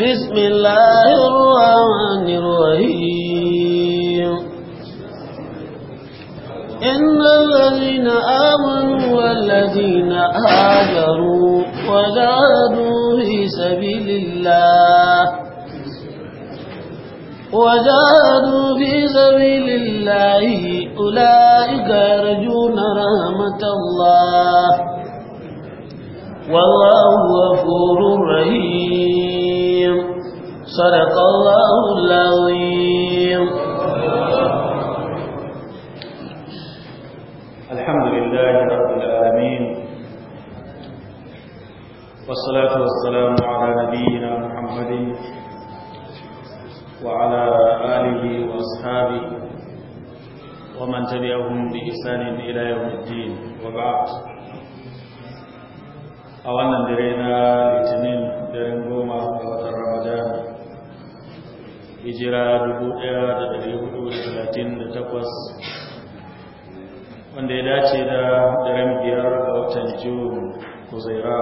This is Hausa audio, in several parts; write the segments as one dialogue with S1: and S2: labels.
S1: بسم الله الرحمن الرحيم إن الذين آمنوا والذين هاجروا وجاهدوا في سبيل الله وجاهدوا في سبيل الله أولئك يرجون رحمة الله والله غفور رحيم صدق الله العظيم
S2: الحمد لله رب العالمين والصلاة والسلام على نبينا محمد وعلى آله وأصحابه ومن تبعهم بإحسان إلى يوم الدين وبعد a wannan dare na litinin daren goma ga watan ramadan da 1438 wanda ya dace da daren biyar ga watan june sha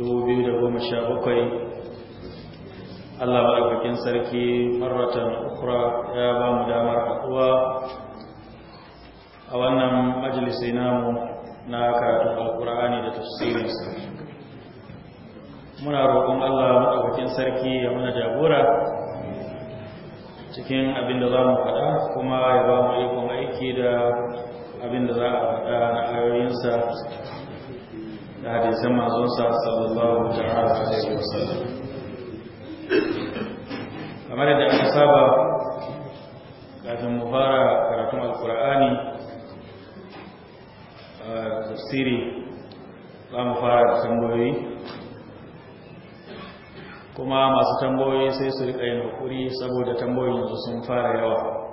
S2: 2017 Allah maɗaukakin sarki maratan ukra ya ba mu damar haɗuwa a wannan majalisai namu na karatun alkur'ani da tafsirinsa muna roƙon Allah maɗaukakin sarki ya muna jagora cikin abin da za mu faɗa kuma ya ba mu ikon aiki da abin da za a faɗa na ayoyinsa da hadisan mazunsa sallallahu ta'ala alaihi wasallam kamar da aka saba kafin mu fara karatun alkur'ani tafsiri za mu fara da tambayoyi kuma masu tambayoyi sai su riƙa yin haƙuri saboda tambayoyin su sun fara yawa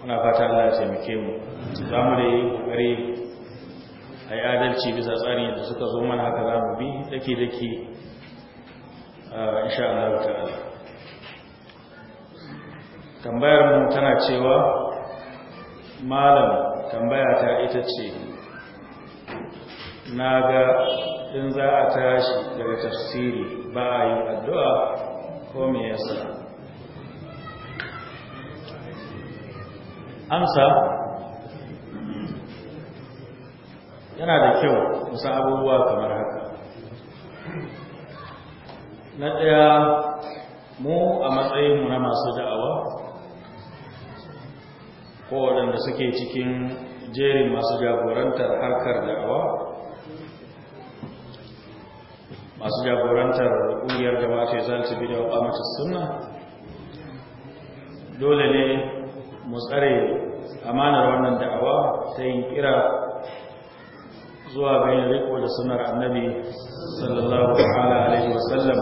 S2: muna fata Allah ya taimake mu za mu da yi ƙoƙari a yi adalci bisa tsari da suka zo mana haka za mu bi daki-daki insha Allah ta'ala tambayar mu tana cewa malam tambaya ta ita ce na ga in za a tashi daga tafsiri ba a yi addu'a ko me yasa amsa yana da kyau musa abubuwa kamar haka na ɗaya mu a matsayinmu na masu da'awa ko waɗanda suke cikin jerin masu jagorantar harkar da'awa masu jagorantar ƙungiyar da mace zalci bi da ƙwamacin suna dole ne mu tsare amanar wannan da'awa ta yin kira zuwa bayan riko da sunar annabi sallallahu alaihi wasallam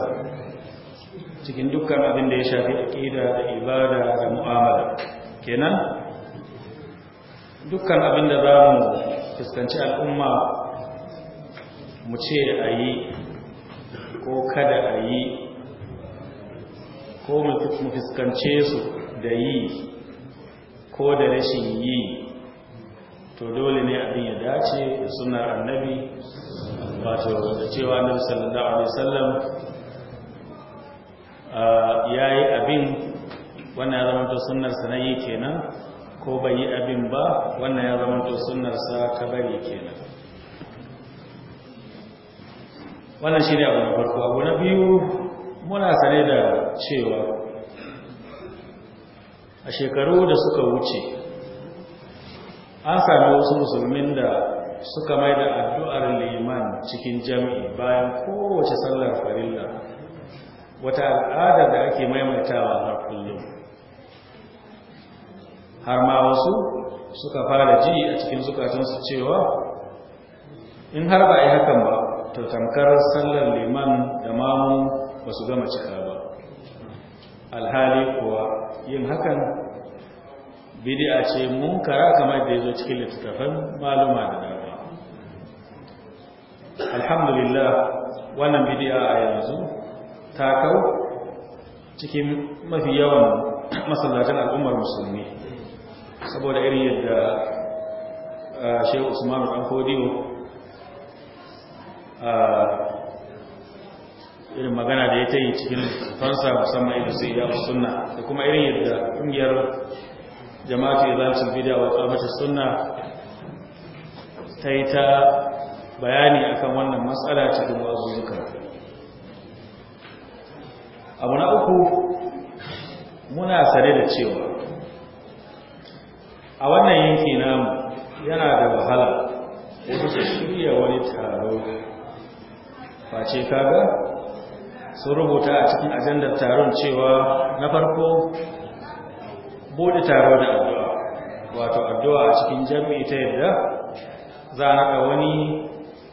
S2: cikin dukkan abin da ya shafi aƙida da ibada da mu'amala kenan dukkan abin da za mu fuskanci al'umma mu ce a yi ko kada a yi ko mu fuskance su da yi ko da rashin yi to dole ne abin ya dace da sunar annabi wato da cewa annabi sallallahu alaihi wasallam yi abin wannan ya zama ta sunar sanayi kenan ko bai yi abin ba wannan ya zama to sa ka bari kenan wannan shi ne abu na farko abu na biyu muna sane da cewa a shekaru da suka wuce an sami wasu musulmin da suka mai da addu'ar liman cikin jami'i bayan kowace sallar farilla wata al'adar da ake maimaitawa har kullum har ma wasu suka fara ji a cikin zukatansu cewa in har ba a yi hakan ba to tamkar sallar liman da mamu ba su gama cika ba alhali kuwa yin hakan bidi'a ce mun kara kamar da ya zo cikin littattafan maluma da dama alhamdulillah wannan bidi'a a yanzu ta kau cikin mafi yawan masallacin al'ummar musulmi saboda irin yadda uh, shehu usmanu ɗan kodiyo uh, irin magana da ya ta yi cikin fansa musamman irin su iya suna, da kuma irin yadda ƙungiyar jama'atu ya zama bidiya wa sunna ta yi ta bayani akan wannan matsala cikin zuka abu na uku muna sane da cewa a wannan yanki namu yana da wahala wasu su shirya wani taro face kaga sun rubuta a cikin ajandar taron cewa na farko bude taro da addu'a wato addu'a a cikin jami'i ta yadda za a naɗa wani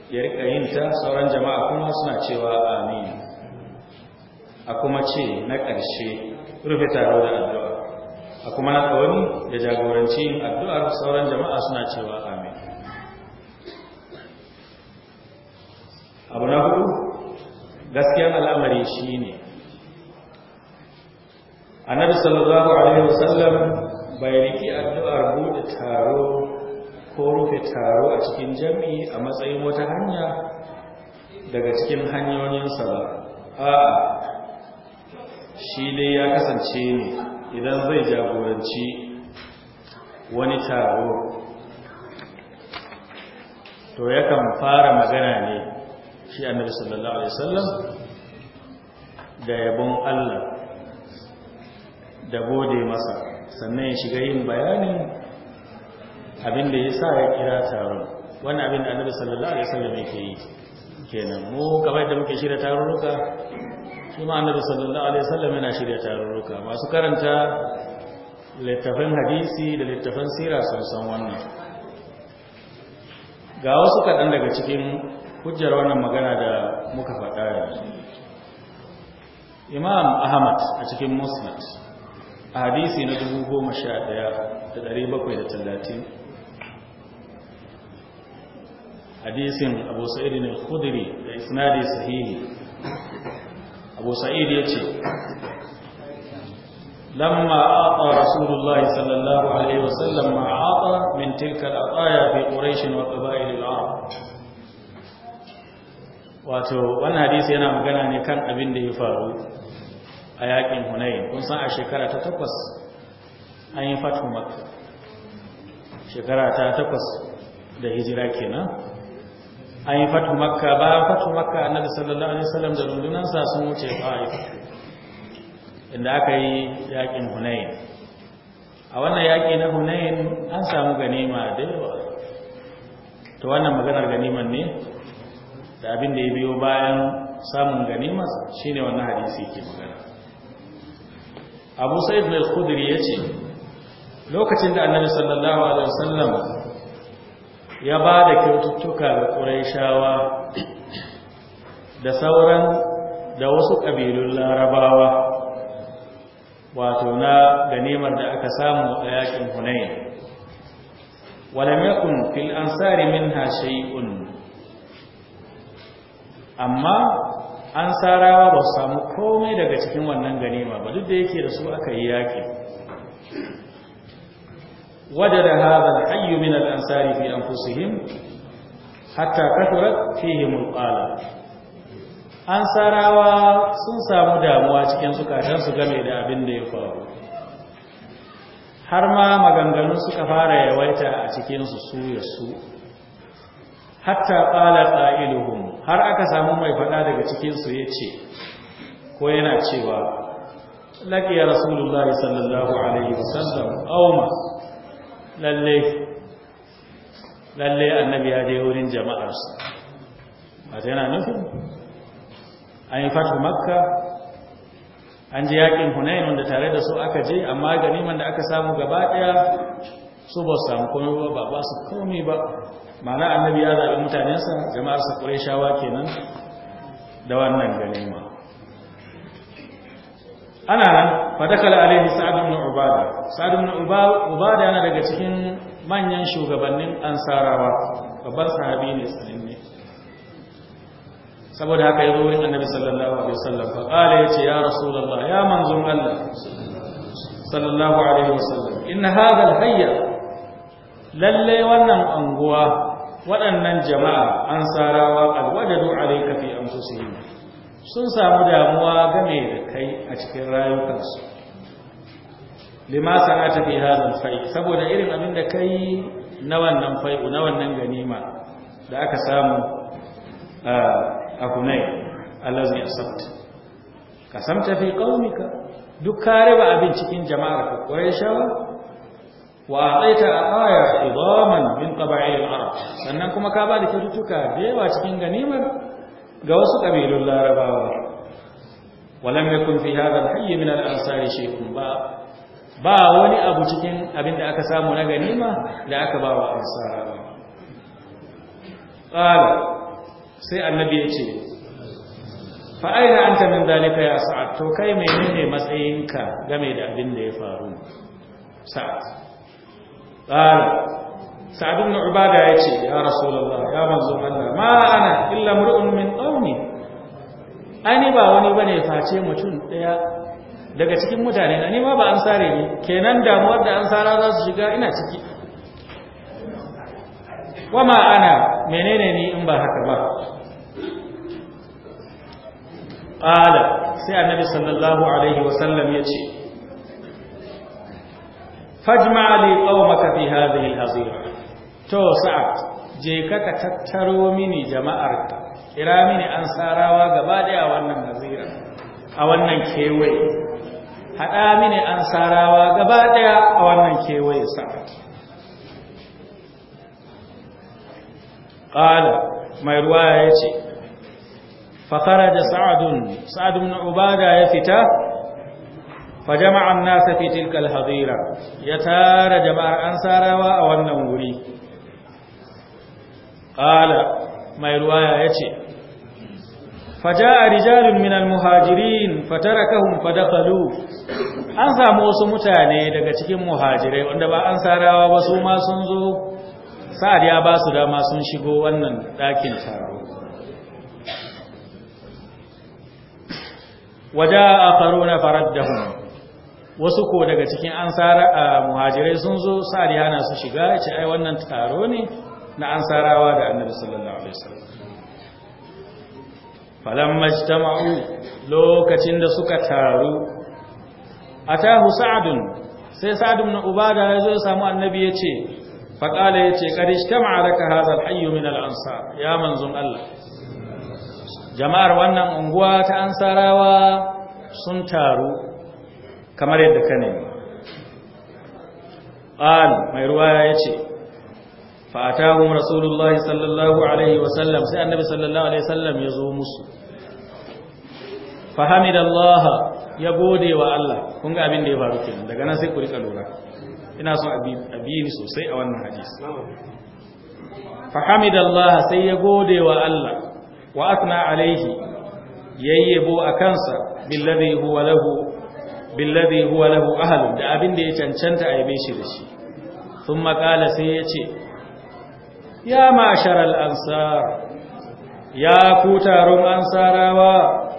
S2: ya riƙa yin ta sauran jama'a kuma suna cewa amin a kuma ce na ƙarshe rufe taro da addu'a a kuma na kawai da jagoranci addu'ar sauran jama'a suna cewa amin abu na hudu gaskiyar al'amari shi ne A annabi sallallahu alaihi wasallam bai riƙe addu'ar buɗe taro ko rufe taro a cikin jami'i a matsayin wata hanya daga cikin hanyoyinsa ba a shi dai ya kasance ne idan zai jagoranci wani taro to yakan fara magana ne shi annabi sallallahu alaihi wasallam da yabon Allah da gode masa sannan ya shiga yin bayanin abin da ya sa ya kira taron wannan abin da annabi sallallahu alaihi wasallam yake yi kenan mu kamar da muke shirya tarurruka shi ma annabi sallallahu alaihi wasallam yana shirya tarurruka masu karanta littafin hadisi da littafin sira sun san wannan ga wasu kaɗan daga cikin hujjar wannan magana da muka faɗa imam ahmad a cikin musnad a hadisi na 11730 hadisin abu sa'id ne khudri da isnadi sahihi abu sa'id ya ce lamma aqa rasulullahi sallallahu alaihi wasallam ma aqa min tilka al aya fi quraish wa qaba'il al-arab wato wannan hadisi yana magana ne kan abin da ya faru a yakin hunayn kun san a shekara ta takwas an yi fatu makka shekara ta takwas da hijira kenan an yi fatu makka ba fatu makka annabi sallallahu alaihi wasallam da rundunansa sun wuce ta'if inda aka yi yakin hunain a wannan yaki na hunain an samu ganima da yawa to wannan maganar ganiman ne da abin da ya biyo bayan samun ganima shine wannan hadisi ke magana abu sa'id al-khudri yace lokacin da annabi sallallahu alaihi wasallam ya ba da kyaututtuka ga ƙuraishawa da sauran da wasu ƙabilun larabawa wato na ganimar da aka samu a yakin hunayn walam yakun fil ansari minha shay'un amma ansarawa ba su samu komai daga cikin wannan ganima ba duk da yake da su aka yi yaƙi وجد هذا الحي من الأنصار في أنفسهم حتى كثرت فيهم القالة ansarawa sun samu damuwa cikin zukatansu game da abin da ya faru har ma maganganu suka fara yawaita a cikin su ya su hatta ƙala ƙa'iluhun har aka samu mai faɗa daga cikinsu ya ce ko yana cewa Lakiya rasulullahi sallallahu alaihi wasallam auma lalle lalle annabi ya je wurin jama'arsa ta yana nufin an yi fatu makka an ji yakin hunayen wanda tare da su aka je amma ganiman wanda aka samu gaba ɗaya su ba samu komai ba ba ba su komai ba mana annabi ya zaɓi mutanensa jama'arsa ƙure shawa kenan da wannan ganima ana nan fa dakala alaihi sa'ad ibn ubada sa'ad ibn ubada yana daga cikin manyan shugabannin ansarawa babban sahabi ne sananne saboda haka ya zo wurin annabi sallallahu alaihi wasallam fa qala ce ya rasulullah ya manzon Allah sallallahu alaihi wasallam in hadha alhayya lalle wannan anguwa waɗannan jama'a ansarawa alwajadu alayka fi anfusihim sun samu damuwa game da kai a cikin rayukansu lima ta fi hazan fai saboda irin abin da kai na wannan fai na wannan ganima da aka samu a Hunay allazi asabt kasamta fi qaumika duk kare ba abin cikin jama'ar ka koyar wa ataita aqaya idaman min qabail arab sannan kuma ka ba da kyaututtuka da yawa cikin ganimar ga wasu ƙabilun larabawa walam kun fi hadha al min al-ansari ba ba wani abu cikin abin da aka samu na ganima da aka ba wa ansara qala sai annabi ya ce fa aina anta min ya sa'ad to kai menene matsayinka game da abin da ya faru sa'ad qala sa'ad ibn ubada yace ya rasulullah ya manzo Allah ma ana illa mar'un min qawmi ani ba wani bane face mutum daya daga cikin mutane na ni ma ba ansare ne kenan damuwar da ansara za su shiga ina ciki ma ana menene ni in ba haka ba qala sai annabi sallallahu alaihi wasallam yace fajma li qaumaka fi hadhihi al-hazira to sa'ad je ka ka tattaro mini jama'arka kira mini an sarawa gaba daya wannan nazira a wannan kewaye haɗa mini an sarawa gaba daya a wannan kewaye sa'ad qala mai ruwa ya ce fakara da sa'adun sa'adun na ubada ya fita fajama'an nasa fitilkal hazira ya tara jama'ar an sarawa a wannan wuri ƙala mai ruwaya ya ce faja'a rijalun minal muhajirin fatarakahum fadakalu an samu wasu mutane daga cikin muhajirai wanda ba an sarawa ba su ma sun zo sa'ad ya ba su dama sun shigo wannan ɗakin taro waja'a akharuna faraddahum wasu ko daga cikin ansara a muhajirai sun zo sa'ad ya hana su shiga ya ce ai wannan taro ne na sarawa da annabi sallallahu alaihi wasallam falamma ijtama'u lokacin da suka taru atahu sa'dun sai Sa'adun na ubada ya zo ya samu annabi yace fa qala yace qad ijtama'a laka hadha al-hayy min al-ansar ya manzun Allah jama'ar wannan unguwa ta ansarawa sun taru kamar yadda ka nemi qal mai ruwaya yace fa atahum sallallahu alaihi wasallam sai annabi sallallahu alaihi wasallam ya zo musu fa ya gode wa Allah kun ga abin da ya faru kenan daga nan sai ku rika lura ina so a ni sosai a wannan hadisi fa sai ya gode wa Allah wa athna alaihi yayyabo akansa billadhi huwa lahu billadhi huwa lahu ahal da abin da ya cancanta a yabe shi da shi thumma qala sai ya ce ya masharar ansar ya ku taron ansarawa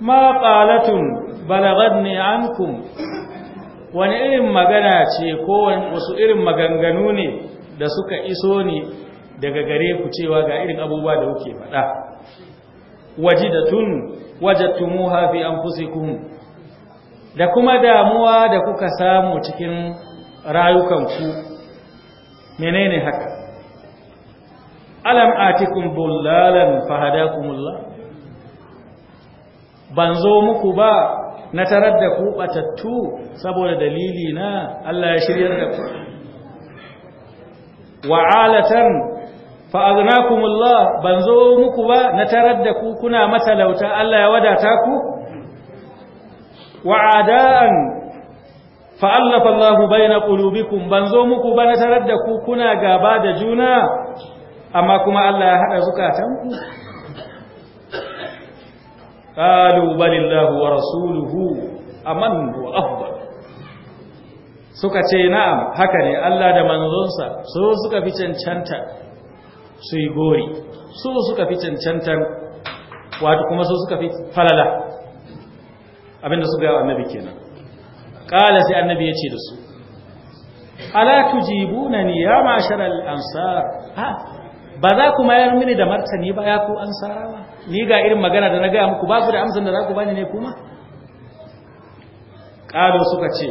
S2: ma qalatun balagadni ankum wani irin magana ce ko wasu irin maganganu ne da suka iso ne daga gare ku cewa ga irin abubuwa da kuke faɗa wajidatun wajadtumuha fi anfusikum da kuma damuwa da kuka samu cikin rayukanku menene haka alam atikum bullalan fahadakumullah ban zo muku ba na tarar da ku batattu saboda dalili na Allah ya shiryar da ku wa'alatan fa'aznakumullah ban zo muku ba na tarar da ku kuna matalauta Allah ya wadata ku wa'ada'an fa'allafa Allah baina qulubikum ban zo muku ba na tarar da ku kuna gaba da juna amma kuma Allah ya haɗa zukatanku ƙalu balillahu wa rasuluhu aman wa afdal suka ce na'am haka ne Allah da manzonsa su suka fi cancanta su yi gori su suka fi cancantar wato kuma su suka fi falala abinda suka yi annabi kenan ƙala sai annabi ya ce da su ala tujibuna ni ya mashar ansar ha ba za ku mayar mini da martani ba ya ku an sarawa ni ga irin magana da na gaya muku ba ku da amsan da za ku bani ne kuma ƙado suka ce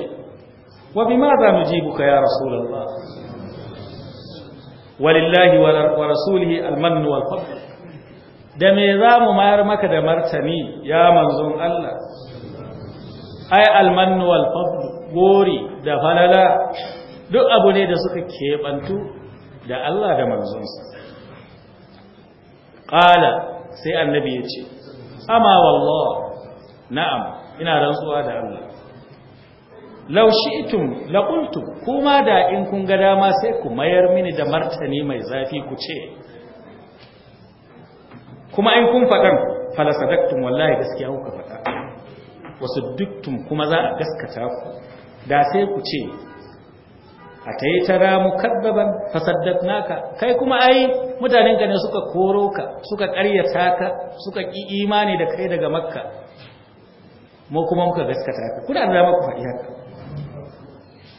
S2: wa bi ma za mu ji buka ya rasulallah walillahi wa rasulihi almannu wal fadl da me za mu mayar maka da martani ya manzon Allah ai almannu wal fadl gori da falala duk abu ne da suka kebantu da Allah da manzonsa ƙala sai annabi ya ce amma wallah na'am ina rantsuwa da Allah Laushi shi'tum laqultu kuma da in kun ga dama sai ku mayar mini da martani mai zafi ku ce kuma in kun faɗan falasadaktum wallahi gaskiya kuka faɗa wasu duktun kuma za a gaskata ku da sai ku ce ataitara mukaddaban fasaddatnaka kai kuma ai mutanen ka ne suka koro ka suka ƙaryata ka suka ki imani da kai daga makka mu kuma muka gaskata ka kuna da dama ku faɗi haka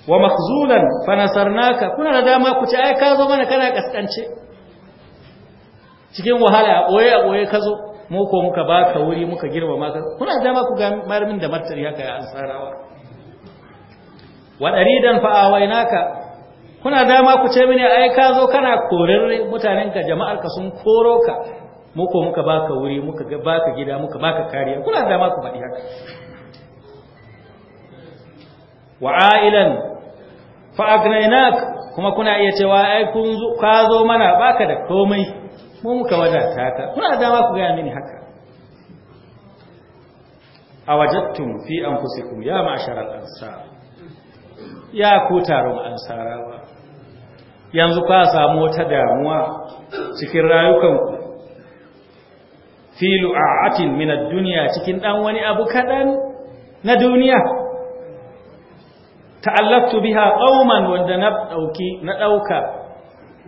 S2: wa fanasar fanasarnaka kuna da dama ku ce ai ka zo mana kana kaskance cikin wahala a boye a boye ka zo mu ko muka baka wuri muka girma maka kuna da dama ku ga marmin da martari haka ya ansarawa wa daridan fa awainaka kuna dama ku ce mini ai ka zo kana korar mutanen ka jama'ar ka sun koro ka ko muka baka wuri muka baka gida muka baka kariya kuna dama ku faɗi haka wa ailan fa agnainak kuma kuna iya cewa ai kun zo ka zo mana baka da komai mu muka wadata ka kuna dama ku ga mini haka awajadtum fi anfusikum ya ma'shar al-ansar ya ku taron ansarawa yanzu ka samu wata damuwa cikin rayukanku filu a'atin min ad-dunya cikin dan wani abu kadan na duniya ta'allaftu biha qauman wanda na dauki na dauka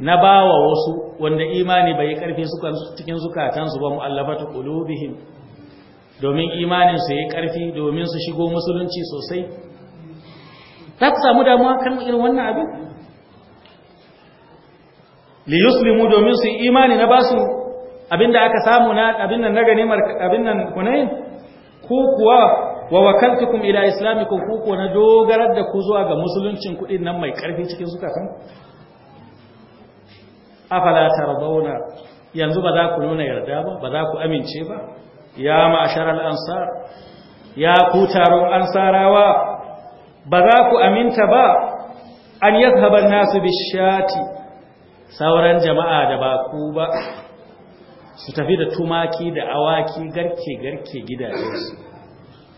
S2: na bawa wasu wanda imani bai karfi sukan cikin zukatan su ba mu'allafatu qulubihim domin imanin su yayi karfi domin su shigo musulunci sosai za ku samu damuwa kan irin wannan abin li yuslimu domin su imani na basu abinda aka samu na abin nan na ganimar abin nan kunayin ku kuwa wa wakaltukum ila islamikum ku ko na dogarar da ku zuwa ga musuluncin kudin nan mai karfi cikin zukatan afala tarbauna yanzu ba za ku nuna yarda ba ba za ku amince ba ya ma'asharal ansar ya ku taron ansarawa ba za ku aminta ba an yadhhaban nasu bishati sauran jama'a da ba ku ba su tafi da tumaki da awaki garke garke gidajensu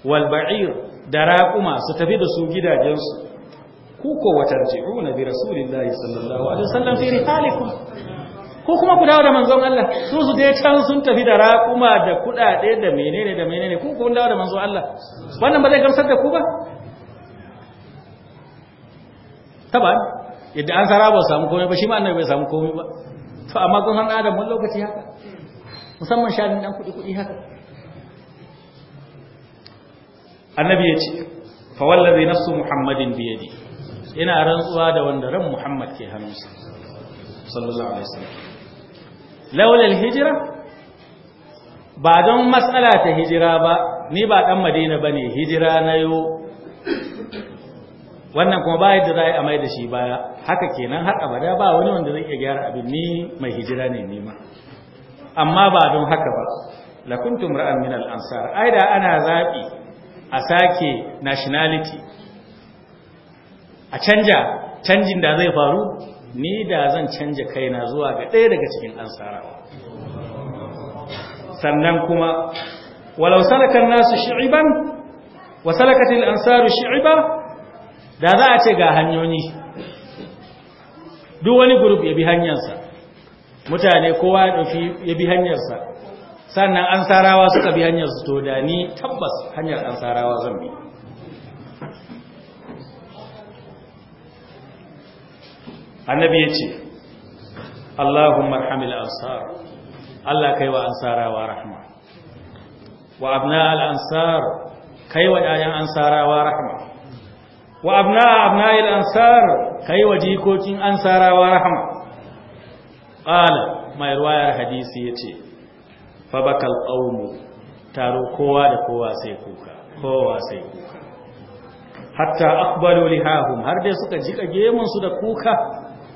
S2: wal ba'ir da raquma su tafi da su gidajensu ku ko na bi rasulillahi sallallahu alaihi wasallam fi rihalikum ko kuma ku dawo da manzon Allah su su dai can sun tafi da raƙuma da kuɗaɗe da menene da menene ku kun dawo da manzon Allah wannan ba zai gamsar da ku ba taban yadda an sara ba samu komai ba shi ma annabi bai samu komai ba to amma kun san adam wani lokaci haka musamman shanin dan kudi kudi haka annabi ya ce fa wallazi nafsu muhammadin bi yadi ina rantsuwa da wanda ran muhammad ke hannunsa sallallahu alaihi wasallam laula alhijra ba don matsala ta hijira ba ni ba dan madina bane hijira na wannan kuma ba da za a amai da shi baya haka kenan har abada ba wani wanda zai iya gyara abin ni mai hijira ne nema amma ba don haka ba kuntum ra'an min al-ansar ai da ana zabi a sake nationality a canja canjin da zai faru ni da zan canja kaina zuwa ga ɗaya daga cikin ansara. sannan kuma walau salaka nasu shi'iban wa salakatil ansaru shi'iba da za a ce ga hanyoyi duk wani gurub ya bi hanyarsa mutane kowa ya ya bi hanyarsa sannan an sarawa suka bi hanyarsu to da ni tabbas hanyar an sarawa zan bi annabi ya ce Allahumma arhamil ansar Allah kai wa ansarawa rahma wa abna al ansar kai wa ɗayan ansarawa rahma wa abna il ansar kai wa jikokin wa rahama qala mai ruwayar hadisi yace fa bakal qawmu taro kowa da kowa sai kuka kowa sai kuka hatta aqbalu lihahum har dai suka jika gemun su da kuka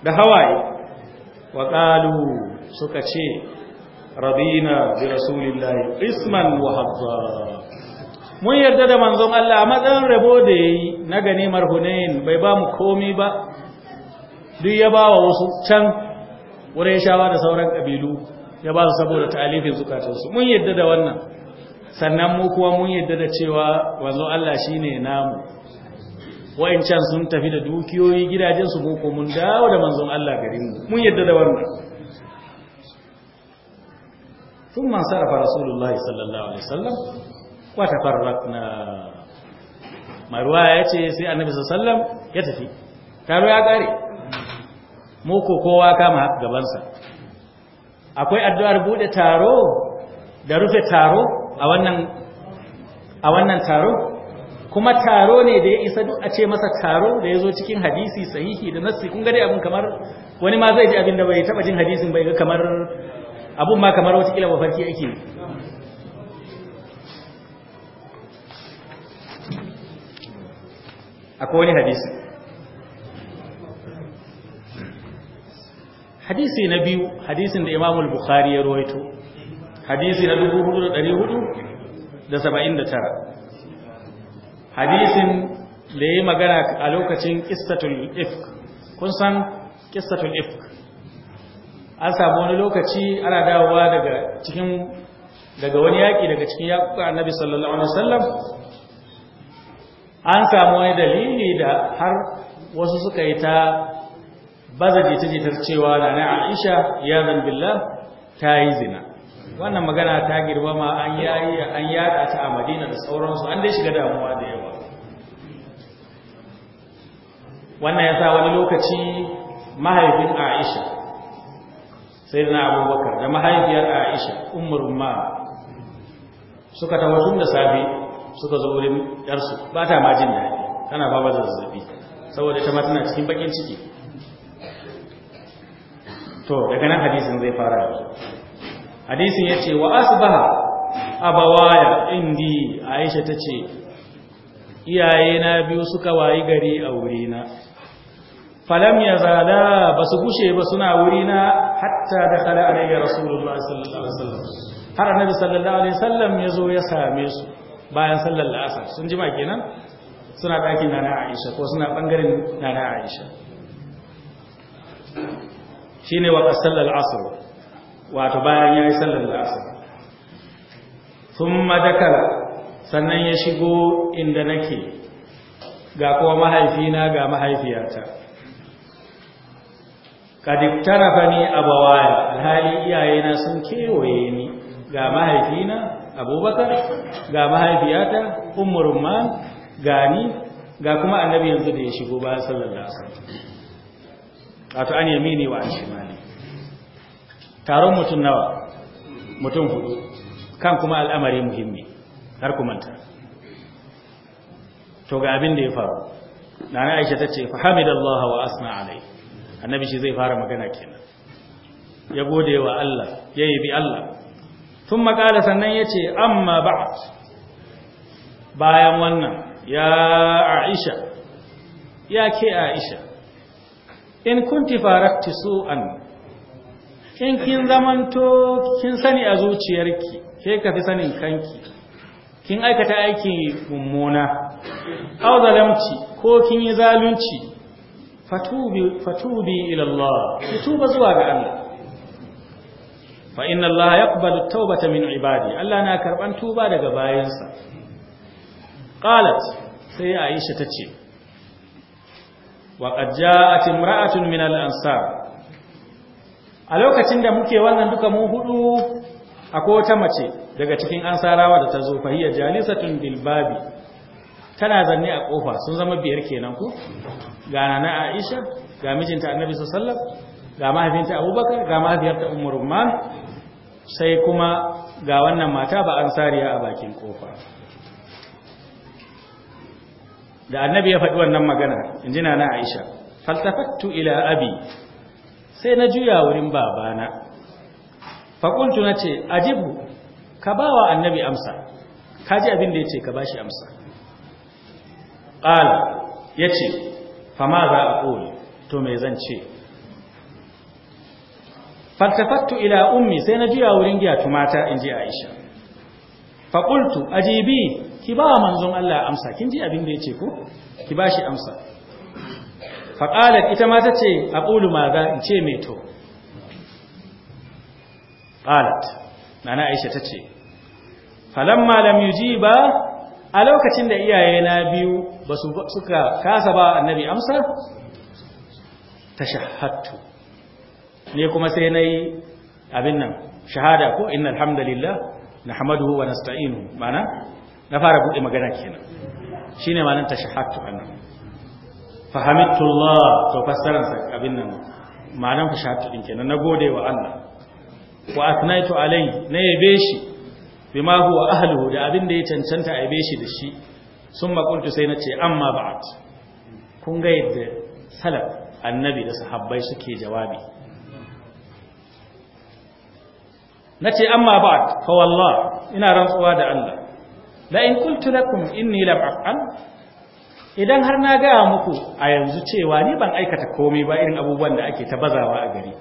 S2: da hawaye wa qalu suka ce rabina bi rasulillahi isman wa hadza mun yarda da manzon Allah a matsayin rabo da yayi na ganimar Hunain bai ba mu komai ba duk ya ba wa wasu can wurin shawa da sauran kabilu ya ba su saboda ta'alifin zukatansu mun yarda da wannan sannan mu kuwa mun yarda da cewa manzon Allah shine namu Wa'incan sun tafi da dukiyoyi gidajensu mu ko mun dawo da manzon Allah garin mu mun yarda da wannan ثم صرف رسول الله صلى الله عليه وسلم wa farratna Maruwa ya ce sai annabi sallam ya tafi taro ya kare mu ko kowa kama gabansa akwai addu'ar bude taro da rufe taro a wannan a wannan taro kuma taro ne da ya isa duk a ce masa taro da ya zo cikin hadisi sahihi da nassi kun gani abin kamar wani ma zai ji abin da bai taba jin hadisin bai ga kamar abun ma kamar wata kila mafarki ake akwai wani hadisi hadisi na biyu hadisin da imamul bukhari ya rawaito hadisi na 4479 hadisin da ya yi magana a lokacin kistatul ifk kun san kistatul ifk an samu wani lokaci ana dawowa daga cikin daga wani yaƙi daga cikin yaƙuka annabi sallallahu alaihi wasallam an samu wani dalili da har wasu suka yi ta baza jita-jitar cewa na na aisha ya zambilla ta yi zina wannan magana ta girmama an yayi an yada ta a madina da sauransu an dai shiga damuwa da yawa wannan ya sa wani lokaci mahaifin aisha sai na abubakar da mahaifiyar aisha umar ma suka tawasun da safe suka zo wurin yarsu ba ta ma jin daɗi tana ba ba zazzabi saboda ta ma tana cikin bakin ciki to daga nan hadisin zai fara yanzu hadisin ya ce wa asbaha abawaya indi aisha ta ce na biyu suka wayi gari a wurina falam ya zada ba su gushe ba suna wurina hatta da kala alayya rasulullah sallallahu alaihi wasallam har annabi sallallahu alaihi wasallam ya zo ya same su bayan sallar la'asar sun jima kenan suna ɗakin na na aisha ko suna ɓangaren na na aisha shi ne wa sallar asar wato bayan ya yi sallar la'asar sun madakar sannan ya shigo inda nake ga kuwa mahaifina ga mahaifiyata kadiktarafa ni bawaya alhali iyayena sun kewaye ni ga mahaifina abubakar ga mahaifiyata ummar rumman gani ga kuma annabi yanzu da ya shigo bayan sallallahu alaihi wasallam wato an yamini wa an shimali taron mutum nawa mutum hudu kan kuma al'amari muhimmi har kumanta? to ga abin da ya faru nana Aisha tace fa hamidallahi wa asna alai annabi shi zai fara magana kenan ya gode wa Allah ya bi Allah sun makala sannan ya ce amma ba bayan wannan ya aisha ya ke aisha in kunti farakti su'an in kin zamanto kin sani a zuciyarki ke ka fi sanin kanki kin aikata aiki mummuna au zalamci ko kin yi zalunci fatubi ilallah ki tuba zuwa ga Allah fa inna allaha yaqbalu tawbata min ibadi allah na karban tuba daga bayansa qalat sai aisha tace wa qad ja'at imra'atun min al-ansar a lokacin da muke wannan duka mu hudu akwai wata mace daga cikin ansarawa da ta zo fahiya jalisatun bil babi tana zanne a kofa sun zama biyar kenan ku? ga na Aisha ga mijinta Annabi sallallahu alaihi wasallam ga mahaifinta abubakar ga mahaifiyarta umar umar sai kuma ga wannan mata ba an sariya a bakin kofa da annabi ya faɗi wannan magana inji na aisha faltafattu ila abi sai na juya wurin babana faƙuntu na ce ajibu ka ba wa annabi amsa kaji ji abin da ya ce ka ba shi amsa ƙala ya ce fama za a ƙoli to mai zan ce faltafattu ila ummi sai na juya wurin giya tumata in ji aisha faƙultu ajibi ki ba manzon Allah amsa kin ji abin da ya ce ko ki ba shi amsa Faƙalat ita ma ta ce a ƙulu maza in ce mai to ƙalat na aisha ta ce malam lam ji ba a lokacin da iyaye na biyu ba suka kasa ba annabi amsa ta shahattu Ni kuma sai nai yi abin nan shahada ko inna alhamdulillah na hamaduhu wa nasta'inu mana na fara buɗe magana kenan shi ne malin ta shahatu annan fahimattullah to fassararsa abin nan malin ta shahatu ɗin kenan na gode wa Allah wa atnaitu alai na yabe shi bima huwa ahluhu da abin da cancanta a yabe shi da shi sun makuntu sai na ce amma ba'at kun ga yadda salaf annabi da sahabbai suke jawabi nace amma ba'd fa wallah ina rantsuwa da Allah la in kuntu lakum inni lam aqal idan har na gaya muku a yanzu cewa ni ban aikata komai ba irin abubuwan da ake ta bazawa a gari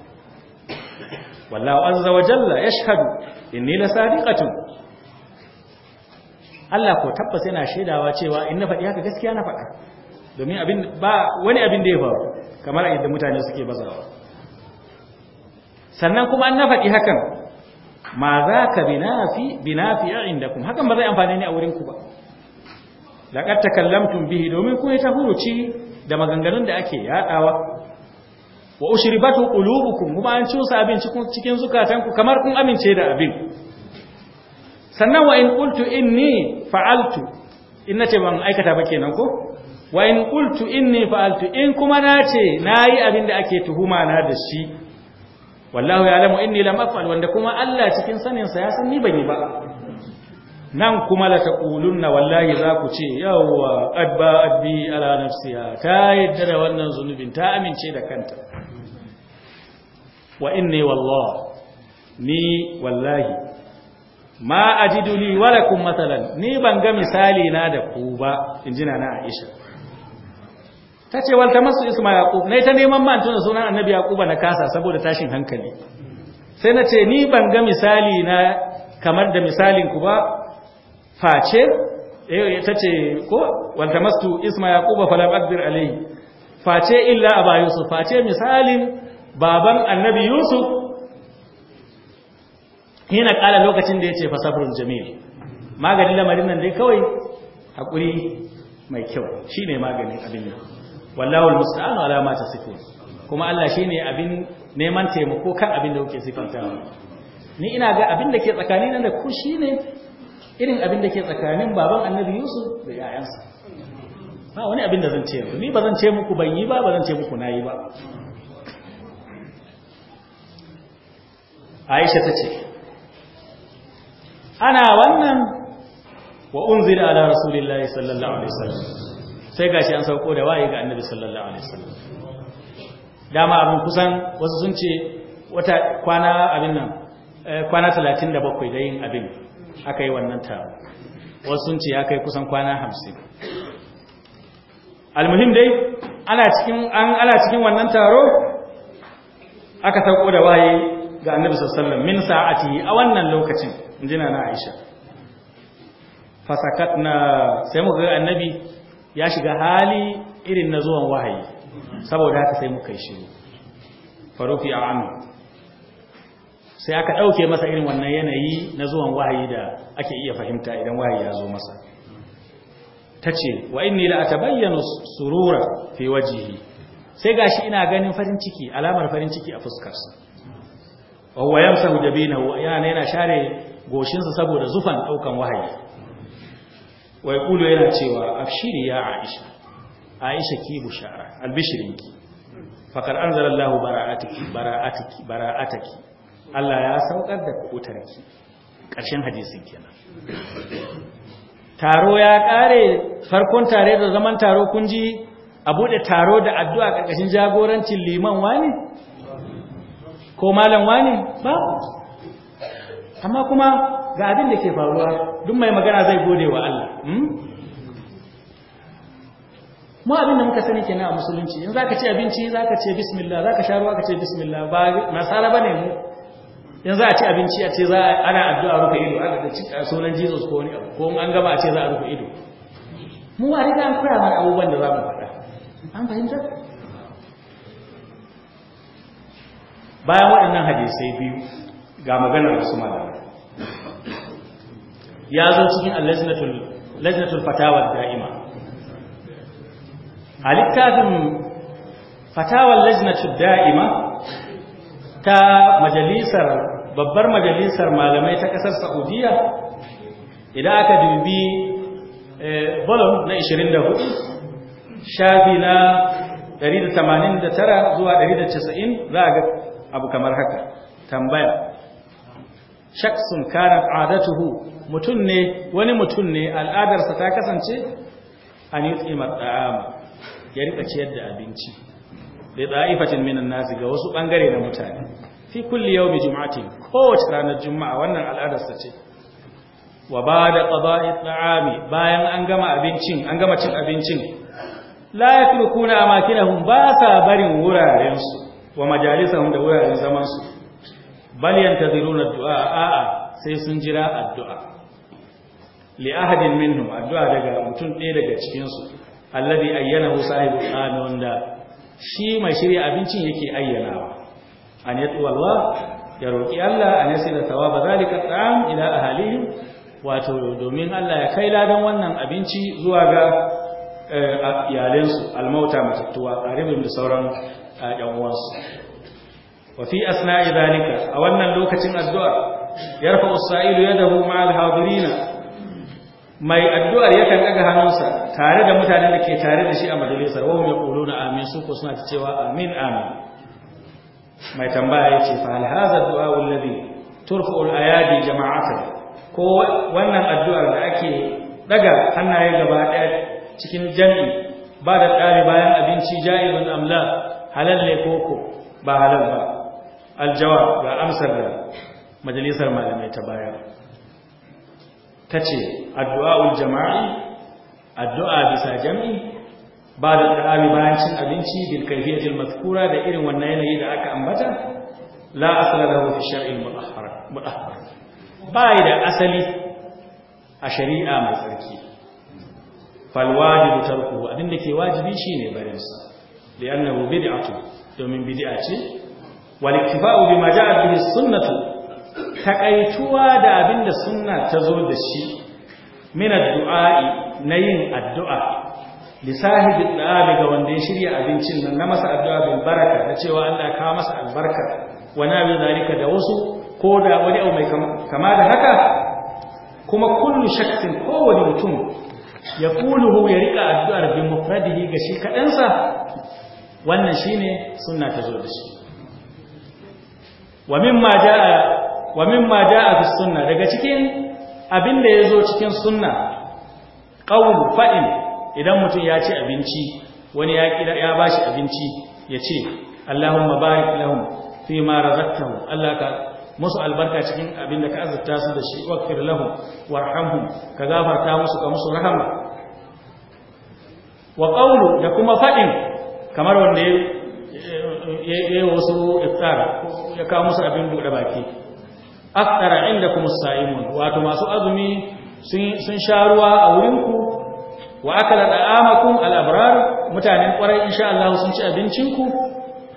S2: wallahu azza wa jalla yashhadu inni lasadiqatun Allah ko tabbas yana shaidawa cewa in na faɗi haka gaskiya na faɗa domin abin ba wani abin da ya faru kamar yadda mutane suke bazawa sannan kuma an na faɗi hakan ma za ka binafiya inda kuma hakan ba zai amfani ne a wurinku ba laƙar takallamtun bihi domin kuma ta huruci da maganganun da ake yaɗawa wa ushiri ba ushribatu kun kuma an cusa abin cikin zukatanku kamar kun amince da abin sannan wa in ƙultu in ni fa'altu na ce ban aikata ba kenan ko wa in ƙultu in ni fa'altu in kuma na nace nayi abin da ake tuhuma na da shi wallahu ya'lamu inni lam wanda kuma Allah cikin sanin sa ya san ni ban ba nan kuma la taqulunna wallahi za ku ce yawwa adba adbi ala nafsiha ta yadda da wannan zunubin ta amince da kanta wa inni wallahi ni wallahi ma ajidu li walakum matalan ni ban ga misali na da ku ba injina na Aisha ta ce wal masu isma yaqub nayi ta neman man tuna sunan annabi yaquba na kasa saboda tashin hankali sai na ce ni ban ga misali na kamar da misalin ku ba face eh ta ko wal masu isma yaquba falam aqdir alayhi face illa aba yusuf face misalin baban annabi yusuf hina kala lokacin da ya yace fasabrun jamil maganin lamarin nan dai kawai hakuri mai kyau shine maganin abin nan wallahu almusta'an ala ma tasifun kuma Allah shine abin neman taimako kan abin da kuke sifanta ni ina ga abin da ke tsakani nan da ku shine irin abin da ke tsakanin baban annabi Yusuf da yayansa ba wani abin da zan ce ni ba zan ce muku ban yi ba ba zan ce muku nayi ba Aisha ta ce ana wannan wa unzila ala rasulillahi sallallahu alaihi wasallam sai ga shi an sauko da waye ga annabi sallallahu alaihi wasallam dama abin kusan wasu sun ce wata kwana abin nan eh, kwana 37 da yin abin aka yi wannan taro wasu sun ce ya kai kusan kwana
S3: 50
S2: almuhim dai ana cikin an ana cikin wannan taro aka sauko da waye ga annabi sallallahu alaihi wasallam min sa'ati a wannan lokacin injina na Aisha fasakatna sai muka ga annabi ya shiga hali irin na zuwan wahayi saboda haka sai muka yi shiru a amin. sai aka ɗauke masa irin wannan yanayi na zuwan wahayi da ake iya fahimta idan wahayi ya zo masa ta ce wa inni ta bayyana surura fi wajihi sai gashi ina ganin farin ciki alamar farin ciki a fuskarsa wawayen huwa yamsahu na yana yana share goshinsa saboda zufan ɗaukan wahayi wai kulu yana cewa afshiri ya aisha aisha ki bushara ki. fakar anzalallahu bara'atiki bara'atiki bara'atiki Allah ya saukar da kutarki ƙarshen hadisun kenan taro ya ƙare farkon tare da zaman taro kun ji a buɗe taro da addu'a ƙarƙashin jagorancin liman wani ko malam wani ba amma kuma ga abin da ke faruwa duk mai magana zai gode wa Allah hmm? mu abin da muka sani kenan a musulunci in zaka ci abinci zaka ce bismillah zaka sha ruwa ka ce bismillah ba nasara bane mu in za a ci abinci a ce za ana addu'a rufe ido ana ga ci sunan Jesus ko wani abu ko an gama a ce za a rufe ido mu ba riga an fara mana abubuwan da za mu faɗa an fahimta bayan waɗannan hadisai biyu ga maganar wasu malama ya zo cikin al Fatawar da'ima a littafin fatawar lajnatul da'ima ta majalisar babbar majalisar malamai ta ƙasar saudiya idan aka dubi bolon eh, na 24 shafi na 189 zuwa 190 za a ga abu kamar haka tambaya shaksun kanat adatuhu mutum ne wani mutum ne al'adarsa ta kasance an yutima da'ama ya rika ciyar da abinci da da'ifatin minan nasi ga wasu bangare na mutane fi kulli yawmi jum'atin kowace ranar juma'a wannan al'adarsa ce wa ba'da qada'i ta'ami bayan an gama abincin an gama cin abincin la yatrukuna amakinahum ba sa barin wurarensu wa majalisahum da wuraren zaman su bal yantaziruna du'a a'a sai sun jira addu'a li ahadin minhum addu'a daga mutum ɗaya daga cikin su alladhi ayyanahu sahibul amin wanda shi mai shirya abincin yake ayyanawa an yatu Allah ya roki Allah an yasira thawaba zalika ta'am ila ahalihim wato domin Allah ya kai ladan wannan abinci zuwa ga eh, iyalensu almauta matattuwa a ribin da sauran ‘yan eh, uwansu wa fi asna'i zalika a wannan lokacin addu'a yarfa usailu yadahu ma'al hadirina mai addu'ar yakan daga hannunsa tare da mutanen da ke tare da shi a majalisar wa ya quluna amin su ko suna cewa amin amin mai tambaya yace fa hal hadha du'a alladhi turfu al-ayadi jama'atan ko wannan addu'ar da ake daga hannaye gaba daya cikin jami'i ba da tsari bayan abinci ja'izun amla halal ne koko ba halal ba aljawab ga amsar da majalisar malamai ta baya ta ce addu'a'ul jama'i addu'a bisa jami'i ba da ƙar'ami bayan cin abinci bil masu matukura da irin wannan yanayi da aka ambata la asala lahu fi shar'il mudahhar ba da asali a shari'a mai tsarki falwa da mutarku abinda ke wajibi shine yannan rubi da ato domin bid'a ce Wani bi maja’ar bi sunnatu ta ƙaituwa da abinda da sunna ta zo da shi min addu’a’i na yin addu’a lissahi bi ɗabi ga wanda ya shirya abincin nan na masa addu’a bin baraka na cewa an ɗaka masa albarka wani abin zarika da wasu ko da wani abu kama da haka kuma kullu shakkin kowane mutum ya kuluhu ya riƙa addu’ar bi mafadihi ga shi kaɗansa wannan shi ne sunna ta zo da shi wa mimma jaa fi sunna daga cikin abin da yazo cikin sunna qawl fa'in idan mutum ya ci abinci wani ya kira ya bashi abinci ya ce Allahumma barik lahum fi ma razaqtahum Allah ka musu albarka cikin abin da ka azurta su da shi waqfir lahum warhamhum ka gafarta musu ka musu rahama wa qawlu da kuma fa'in kamar wanda ya yayi wasu iftara ya kawo musu abin buɗe baki aftara inda kuma sa'imun wato masu azumi sun sha ruwa a wurinku wa akala da'amakum al-abrar mutanen kwarai insha Allah sun ci abincinku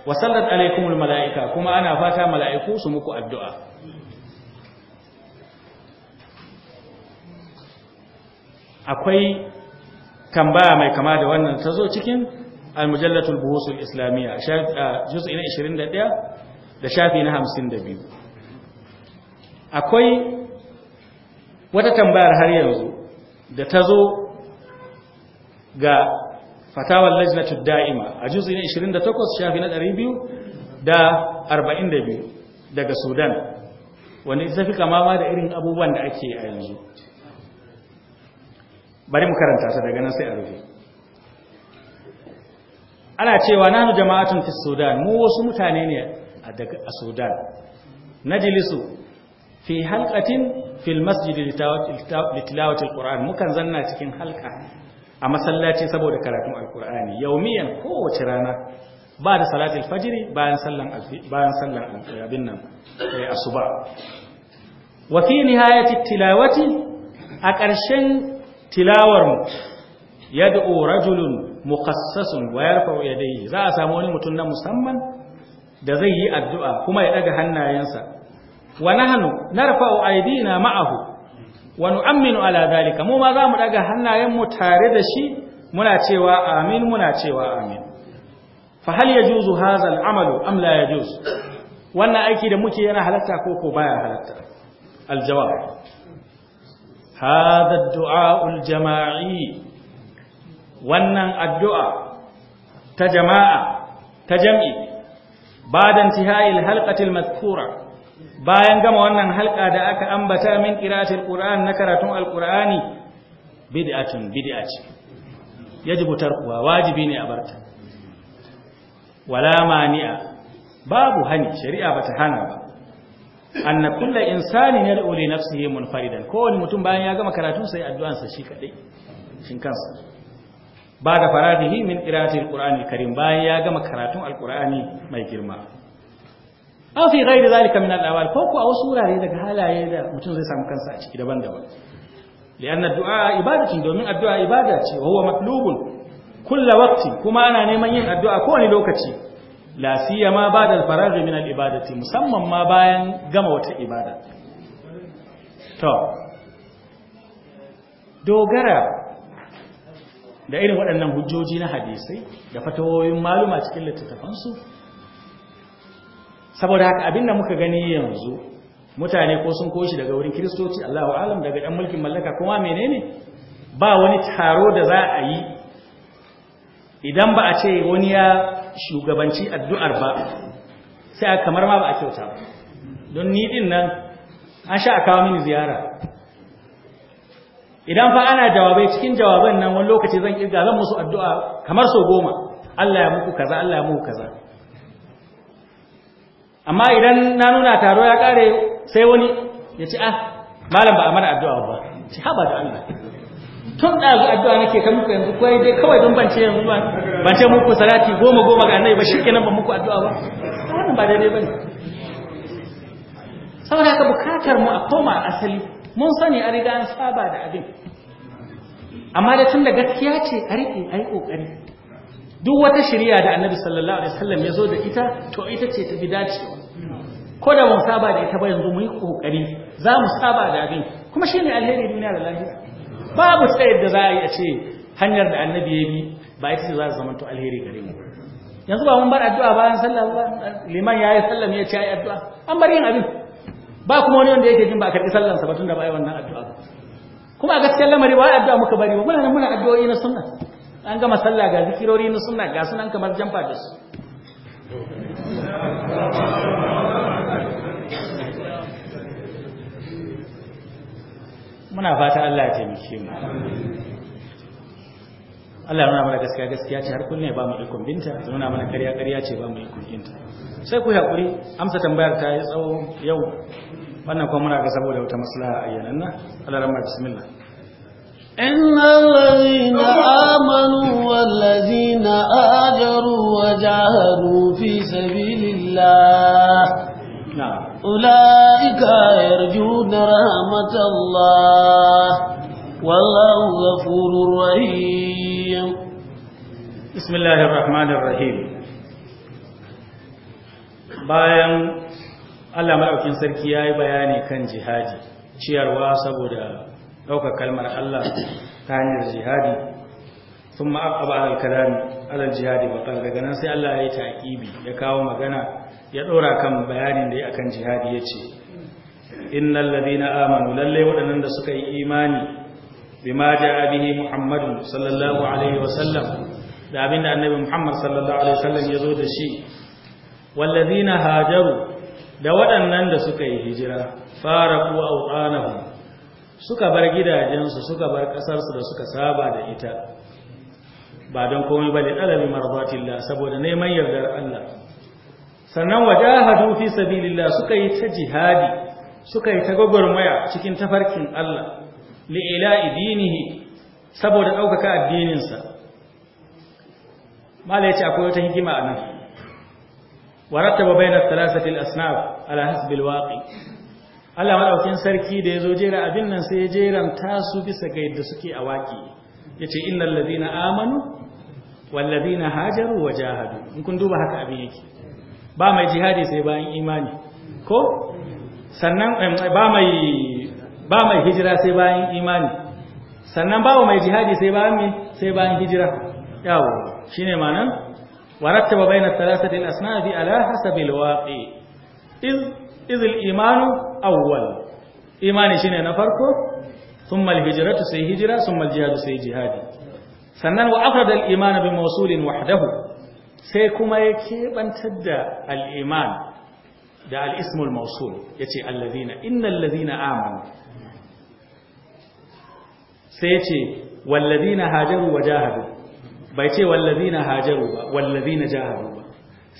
S2: wa sallat alaikumul malaika kuma ana fata malaiku su muku addu'a akwai tambaya mai kama da wannan ta zo cikin al-mujallatul buhusul islamiyya juz'i na 21 da shafi na 52 akwai wata tambayar har yanzu da ta zo ga fatawar lajnatul da'ima a juz'i na 28 shafi na 200 da 42 daga sudan wanda ita fi kamawa da irin abubuwan da ake a yanzu bari mu karanta ta daga nan sai a rufe ana cewa nanu jama'atun fi sudan mu wasu mutane ne a sudan Na jilisu fi halqatin fil masjid litilawati alquran mukan zanna cikin halka a masallaci saboda karatun alqurani yaumiyan kowace rana ba da salatul fajiri bayan sallan bayan sallan eh, abin nan eh, asuba wa fi nihayati tilawati a ƙarshen tilawar mu yad'u rajulun mukhassasun wa yarfa'u yadayhi za a samu wani mutum na musamman da zai yi addu'a kuma ya daga hannayensa wa nahnu narfa'u aydina ma'ahu wa nu'minu ala dhalika mu ma za mu daga hannayen mu tare da shi muna cewa amin muna cewa amin fa hal yajuzu hadha al-amalu am la yajuz wannan aiki da muke yana halatta ko ko baya halatta al-jawab hadha ad-du'a al-jama'i wannan addu'a ta jama'a ta jam'i badan tihayil halqatil maskura bayan gama wannan halka da aka ambata min qira'atil qur'an na karatun alqur'ani bid'atun bid'a ce yajibu tarkuwa wajibi ne a barta wala mani'a babu hani shari'a bata hana ba da kullu insanin yad'u mun nafsihi munfaridan kowane mutum bayan ya gama karatu sai addu'ansa shi kaɗai, shinkansa. ba da faradihi min al qur'anil karim bayan ya gama karatun alqur'ani mai girma aw fi ghairi zalika min al-awal ko ko a wasu wurare daga halaye da mutum zai samu kansa a ciki daban-daban lianna du'a ibadatin domin addu'a ibada ce wa huwa matlubun kullu waqti kuma ana neman yin addu'a kowane lokaci la siyama ba'da al min al musamman ma bayan gama wata ibada to dogara da irin waɗannan hujjoji na hadisai da fatawoyin maluma cikin littattafansu saboda haka abin da muka gani yanzu mutane ko sun koshi daga wurin kiristoci allahu alam daga ɗan mulkin mallaka kuma menene ba wani taro da za a yi idan ba a ce wani ya shugabanci addu'ar ba sai a kamar ma ba a kyauta don ni nan an sha a kawo mini ziyara idan fa ana jawabai cikin jawaban nan wani lokaci zan kirga zan musu addu'a kamar so goma Allah ya muku kaza Allah ya muku kaza amma idan na nuna taro ya kare sai wani ya ce ah malam ba a mana addu'a ba ci haba da Allah tun da zu addu'a nake kan muku yanzu kai dai kawai don bance yanzu ba bance muku salati goma goma ga annabi ba shi kenan ba muku addu'a ba wannan ba daidai ne. saboda haka bukatar mu a koma asali mun sani a riga an saba da abin amma da tun da gaskiya ce a riƙe a yi ƙoƙari duk wata shirya da annabi sallallahu alaihi wasallam ya zo da ita to ita ce ta fi dacewa ko da mun saba da ita ba yanzu mu yi ƙoƙari za mu saba da abin kuma shine alheri duniya da lafiya babu ta da za a yi a ce hanyar da annabi ya bi ba ita ce za ta zama to alheri gare mu yanzu ba mun bar addu'a bayan sallah ba liman yayi sallam ya ce ayi addu'a an bar yin abin ba kuma wani wanda yake jin ba a karɓi sallansa ba da ba yi wannan addu'a kuma a gaskiyar lamari ba addu'a muka bari ba muna muna addu'o'i na sunna an gama sallah ga zikirori na sunna ga sunan kamar jamfa da su muna fata Allah ya taimake mu Allah nuna mana gaskiya gaskiya ce har kullum ya ba mu ikon binta nuna mana karya karya ce ba mu ikon binta sai ku hakuri amsa tambayar ta yi tsawo yau wannan kuma muna ga saboda wata maslaha a yanan nan Allah rahma bismillah
S1: إن الذين آمنوا والذين آجروا وجاهدوا في سبيل الله أولئك يرجون رحمة الله
S2: والله غفور رحيم بسم الله الرحمن الرحيم bayan Allah maraukin sarki ya yi bayani kan jihadi ciyarwa saboda ɗaukar kalmar Allah ta hanyar jihadi sun ma'abba al-kalami alal jihadi bakar daga nan sai Allah ya yi taƙibi ya kawo magana ya ɗora kan bayanin da ya kan jihadi ya ce innal ladina amanu lalle waɗannan da suka yi imani ma ja'a bihi muhammadu sallallahu alaihi wa sallam da abinda annabi Muhammad sallallahu alaihi wasallam ya zo da shi na hajaru da waɗannan da suka yi hijira faraku awqanahum suka bar gidajensu suka bar ƙasarsu da suka saba da ita ba don komai bane alabi marzatillah saboda neman yardar Allah sannan wajahadu fi sabilillah suka yi ta jihadi suka yi ta gwagwarmaya cikin tafarkin Allah li ila dinihi saboda ɗaukaka addininsa mala yace akwai wata hikima anan warattaba baina thalathati al-asnaf ala hasbi al-waqi Allah madaukin sarki da yazo jera abin nan sai jeran jeranta su bisa ga yadda suke a waki yace innal ladina amanu wal ladina hajaru wajahadu in kun duba haka abin yake ba mai jihadi sai bayan imani ko sannan ba mai ba mai hijira sai bayan imani sannan ba mai jihadi sai bayan me sai bayan hijira yawo shine ma'anan warattaba baina thalathati al-asnafi ala hasabi al-waqi iz iz al-iman awwal imani ne na farko sun al sai hijira, sun al sai jihadi sannan wa afrada al-iman bi mawsulin wahdahu sai kuma ya keɓantar da al da al-ismul mawsul yace alladhina innal ladhina amanu sai ce, yace والذين هاجروا وجاهدوا bai ce wallazina hajaru ba wallazina jahadu ba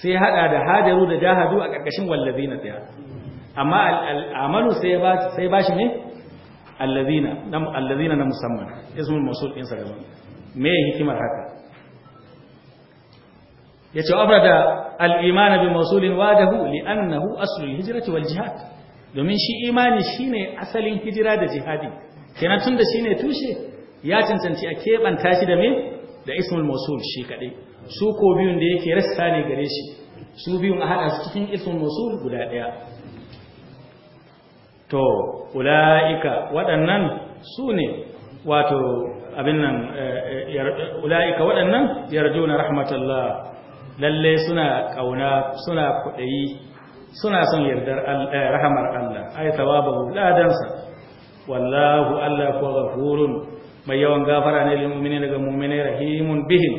S2: sai hada da hajaru da jahadu a karkashin wallazina tsaya amma al'amalu sai ba sai ba shi ne allazina nam allazina na musamman ismul mawsul din sa gaban me hikimar haka yace abrada al-iman bi mawsulin wadahu li'annahu aslul hijrati wal jihad domin shi imani shine asalin hijira da jihadi kenan tunda shine tushe ya cancanci a kebanta shi da me da ismul mausul shi kadai su ko biyun da yake rasa ne gare shi su biyun a hada su cikin ismul mausul guda daya to ulaika waɗannan su ne wato abin nan eh, eh, ulaika waɗannan yarjuna rahmatullah lalle suna kauna suna kudayi suna son yardar eh, rahamar Allah ai tawabahu ladansa wallahu Allah ko ghafurun mai yawan gafara ne lil daga daga rahimun bihin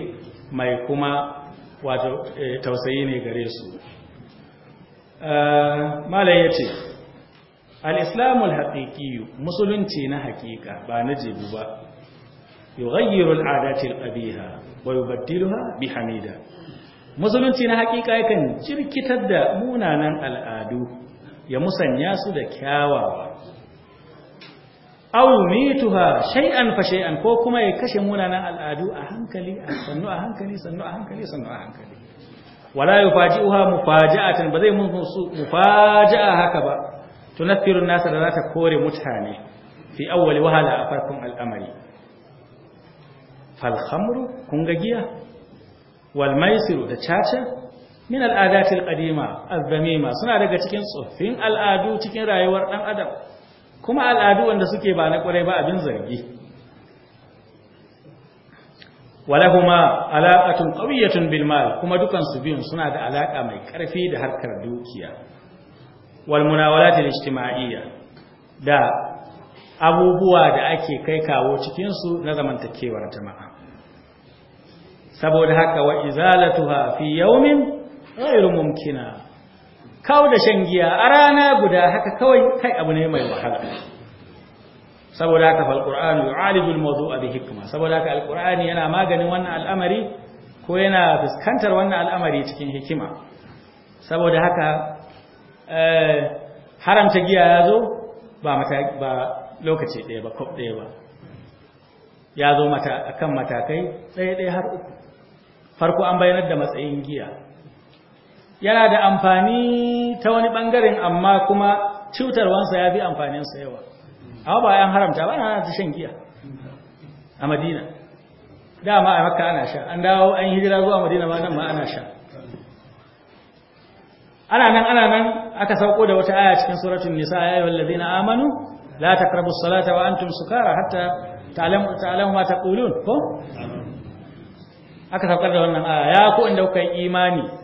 S2: mai kuma wato eh, tausayi ne gare su eh, malai yace al-islamul haqiqi musulunci na haqiqa ba na jibu ba yughayyiru al-'adati al-qabiha wa yubaddiluha hamida musulunci na haqiqa yakan jirkitar da munanan al'adu ya musanya su da kyawawa Au mituha shay'an fa shay'an ko kuma ya kashe munanan al'adu a hankali sannu a hankali sannu a hankali sannu a hankali wala yufaji'uha mufaja'atan ba zai mun su mufaja'a haka ba tunathiru nasa da zata kore mutane fi awwali wahala a farkon al'amari fal khamru kun ga giya wal maisiru da caca min al'adatil qadima az-zamima suna daga cikin tsoffin al'adu cikin rayuwar dan adam kuma al'adu wanda suke ba na ƙwarai ba abin zargi walahuma kuma alaƙatun bil bilmal, kuma dukansu biyun suna da alaƙa mai ƙarfi da harkar dukiya wal munawalat al da abubuwa da ake kai kawo cikinsu su na zamantakewar jama'a saboda haka wa izalatuha fi yawmin ghayru mumkina kawo da shan giya a rana guda haka kawai kai abu ne mai wahala saboda haka alqur'anu yu'alibu al bi hikma saboda haka alqur'ani yana maganin wannan al'amari ko yana fuskantar wannan al'amari cikin hikima saboda haka eh, haramta giya ya zo ba lokaci ɗaya ba kop ɗaya ba ya zo akan matakai ɗaya ɗaya har uku farko an bayyana da matsayin giya yana da amfani ta wani bangaren amma kuma cutarwansa ya fi amfaninsa yawa amma ba yan haramta ba na ta shan giya a madina dama a makka ana sha an dawo an hijira zuwa madina ma nan ma ana sha ana nan ana nan aka sauko da wata aya cikin suratul nisa ya ayyuhal ladina amanu la taqrabus salata wa antum sukara hatta ta'lamu ta'lamu ma taqulun ko aka saukar da wannan aya ya ku inda kuka yi imani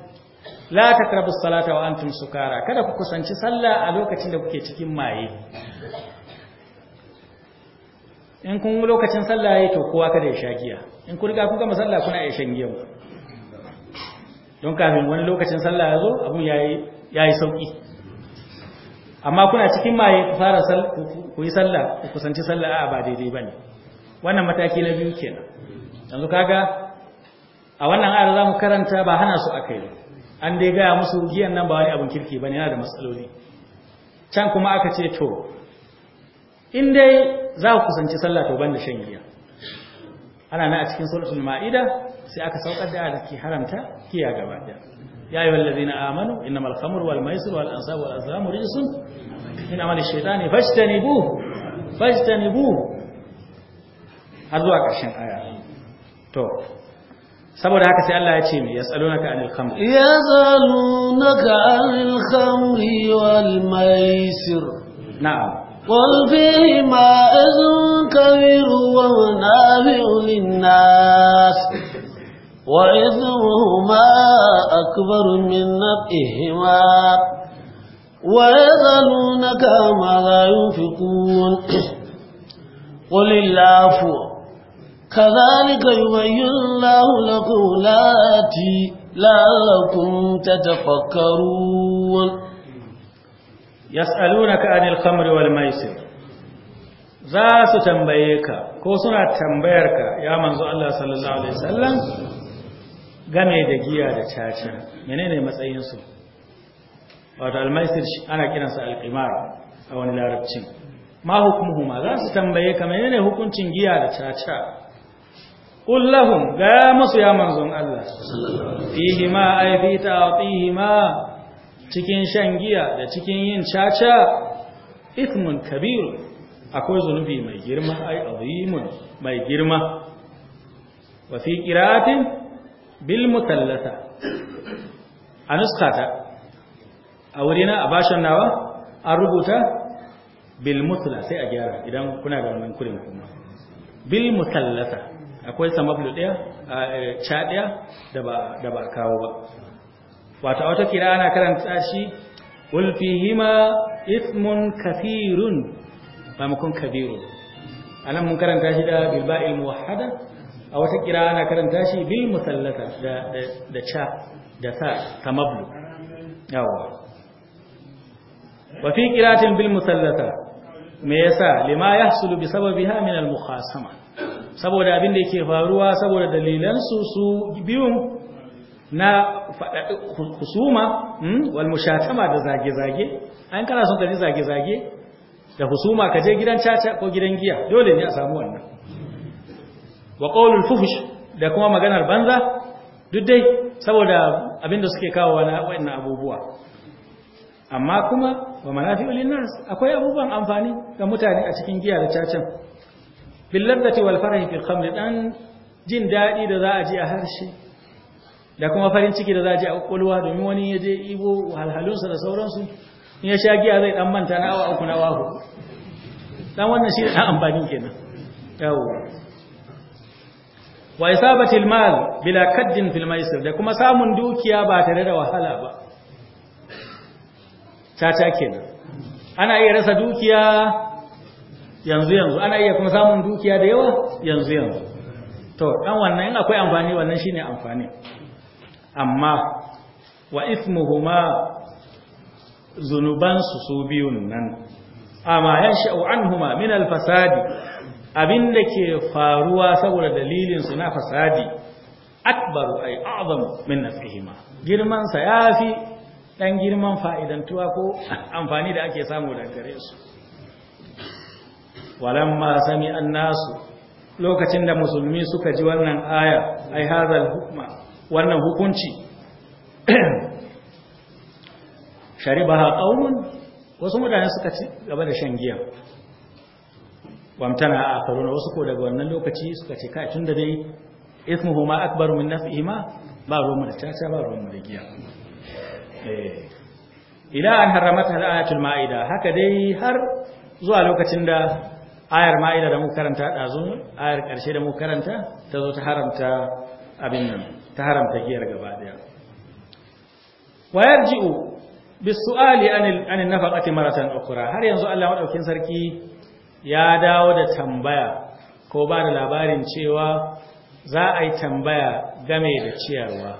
S2: la taqrabu salata wa antum sukara kada ku kusanci sallah a lokacin da kuke cikin maye in kun lokacin sallah yayi to kowa kada ya sha giya in kun riga kun gama sallah kuna ya shan giya don kafin wani lokacin sallah ya zo abu yayi yayi sauki amma kuna cikin maye ku fara ku yi sallah ku kusanci sallah a ba daidai bane wannan mataki na biyu kenan yanzu kaga a wannan ayar zamu karanta ba hana su akai an dai gaya musu giyan nan ba wani abin kirki ba ne yana da matsaloli can kuma aka ce to in dai za ku kusanci sallah to ban da shan giya ana na a cikin suratul ma'ida sai aka saukar da da ke haramta kiya gaba da ya yi wallazi na amanu innamal khamru wal maisur wal ansabu wal ina mani min amali shaytani fajtanibu bu har zuwa ƙarshen aya to saboda haka sai Allah ya ce mai yasalunaka anil khamr
S1: yasalunaka anil khamri wal maisir na'am قل فيهما إذن كبير ومنافع للناس وإذنهما أكبر من نبئهما ويسألونك ماذا ينفقون قل العفو كذلك يبين الله لكم لاتي
S2: لعلكم تتفكرون يسألونك عن الخمر والميسر za su tambaye ka ko suna tambayar ka ya manzo Allah sallallahu alaihi wasallam game da giya da caca menene matsayin su wato almaisir ana kiransa alqimar a wani larabcin ma hukumuhuma za su tambaye ka menene hukuncin giya da caca Kullahun gaya masu ya manzon Allah fihi ma ay a ta'tihi ma cikin shan giya da cikin yin caca ithmun kabir akwai zunubi mai girma ai azimun mai girma wa fi qira'atin bil mutallata anuskata a wurina a bashin nawa an rubuta bil mutla sai a gyara idan kuna da wannan kurin kuma bil mutallata akwai samablu ɗaya e, ca ɗaya da ba kawo ba wata wata kira ana karanta shi ulfihima ismun kafirun mamakon Kabiru, a nan mun karanta shi da bilba'il muwahada a wata kira ana karanta shi bil musallata da ca da sa samablu yawa wafi kiratin bil musallata me yasa lima yahsulu bi sababiha min al mukhasama saboda abin da yake faruwa saboda dalilan su su biyun na husuma hmm, wal mushatama da zage-zage an kana son kaji zage-zage da husuma ka je gidan caca ko gidan giya dole ne a samu wannan wa qawlul fuhsh da kuma maganar banza duk dai saboda abin da suke kawo na wayannan abubuwa amma kuma wa manafi'ul linnas akwai abubuwan amfani ga mutane a cikin giya da cacan bil ladati wal farahi fil khamr dan jin dadi da za a ji a harshe da kuma farin ciki da za a ji a kokolwa domin wani ya je ibo halhalunsa da sauransu in ya sha giya zai dan manta na awa uku na wahu dan wannan shi da amfanin kenan yawo wa isabati al mal bila kaddin fil maisir da kuma samun dukiya ba tare da wahala ba tata kenan ana iya rasa dukiya yanzu yanzu ana iya kuma samun dukiya da yawa yanzu yanzu to dan wannan in akwai amfani wannan shine amfani amma wa ismuhuma zunubansu su biyun nan amma sha'u, anhuma min al-fasadi abinda ke faruwa saboda dalilin su na fasadi akbaru ay azam min nafihima girman sa yafi dan girman fa'idantuwa ko amfani da ake samu daga gare su walamma sami annasu lokacin da musulmi suka ji wannan aya ai hazal hukma wannan hukunci sharibaha qaumun wasu mutane suka ci gaba da shan giya wamtana a karuna wasu ko daga wannan lokaci suka ce kai tunda dai ismuhu ma akbaru min naf'ihima ba ruwan da tata ba ruwan da giya eh ila an haramata al-ayatul ma'ida haka dai har zuwa lokacin da ayar ma'ida da muka karanta ɗazun ayar ƙarshe da muka karanta ta zo ta haramta abin nan ta haramta giyar gaba ɗaya wa yarji'u bisu'ali an nafaqati maratan ukhra har yanzu Allah madaukin sarki ya dawo da tambaya ko ba da labarin cewa za a yi tambaya game da ciyarwa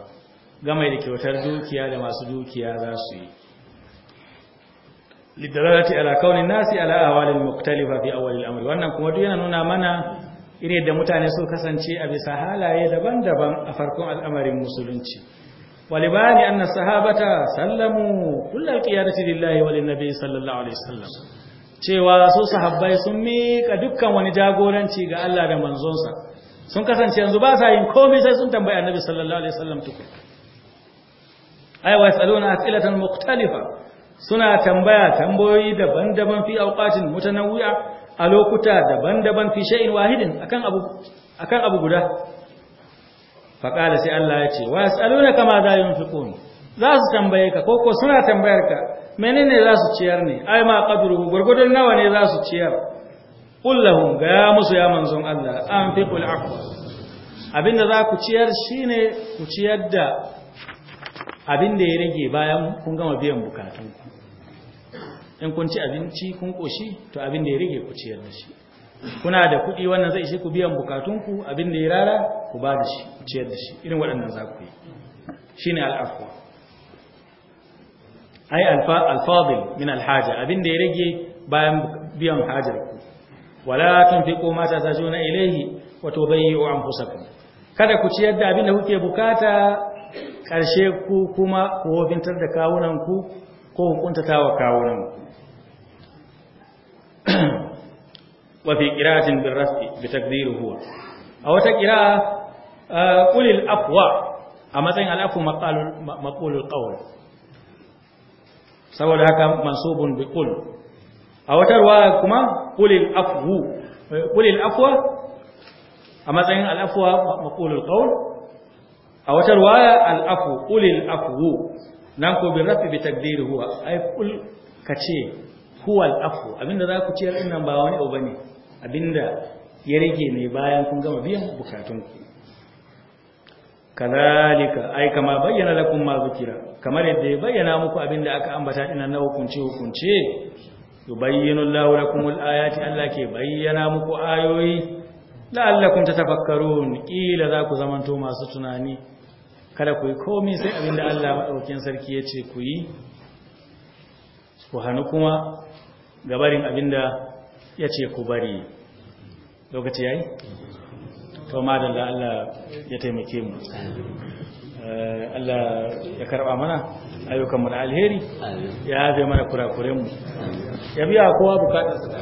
S2: game da kyautar dukiya da masu dukiya za su yi lidalalati ala kaunin nasi ala awalin muktalifa fi awalil amri wannan kuma duk yana nuna mana irin da mutane su kasance a bisa halaye daban-daban a farkon al'amarin musulunci walibani anna sahabata sallamu kullal qiyadati lillahi walin nabi sallallahu alaihi wasallam cewa su sahabbai sun mika dukkan wani jagoranci ga Allah da manzonsa sun kasance yanzu ba sa yin komai sai sun tambayi annabi sallallahu alaihi wasallam tukun ai wa yasaluna as'ilatan mukhtalifa suna tambaya tambayoyi daban-daban fi auqatin mutanawwi'a a lokuta daban-daban fi shay'in wahidin akan abu akan abu guda faqala sai Allah ya ce wa yasaluna kama za yunfiqun za su tambaye ka ko ko suna tambayar ka menene za su ciyar ne ai ma qadruhu gurgudun nawa ne za su ciyar qul lahum ga musu ya manzon Allah anfiqul aqwa abinda za ku ciyar shine ku ciyar da abin da ya rage bayan kun gama biyan bukatunku, in kun ci abinci kun koshi to abin da ya rage ku ciyar da shi kuna da kuɗi wannan zai ishe ku biyan bukatun ku abin da ya rara ku ba da shi ku ciyar da shi irin waɗannan za ku yi Shi ne al'afuwa ai alfadil min alhaja abin da ya rage bayan biyan hajar ku wala tunfiqu ma tasajuna ilayhi wa tubayyi'u anfusakum kada ku ciyar da abin da kuke bukata ƙarshe ku kuma ku da kawunanku ko hukuntata wa kawunanku wafi ƙiratin bin rafi bi ziri huwa a wata ƙira ƙulil eh, afuwa a matsayin al'afu maƙulul ƙawar saboda haka mansubun bi ƙul a wata ruwa kuma ƙulil afuwa eh, a matsayin al'afuwa maƙulul ƙawar a wata ruwaya al'afu ulil afu nan ko bin rafi bi takdiri huwa ai ka ce huwa al'afu abinda za ku ciyar nan ba wani abu ne, abinda ya rage ne bayan kun gama biyan bukatun bukatunku kadhalika ai kama bayyana lakum ma zikira kamar yadda ya bayyana muku abinda aka ambata ina na hukunce hukunce yubayyinu Allahu lakum al-ayati Allah ke bayyana muku ayoyi la'allakum tatafakkarun kila za ku zamanto masu tunani kada ku yi komi sai abinda Allah maɗaukin sarki ya ce ku yi ku hannu kuma gabarin abinda ya ce ku bari lokaci ya yi? to madalla Allah ya taimake mu eh, Allah ya karɓa mana ayyukanmu na alheri ya zai mana kurakurenmu ya biya kowa bukatar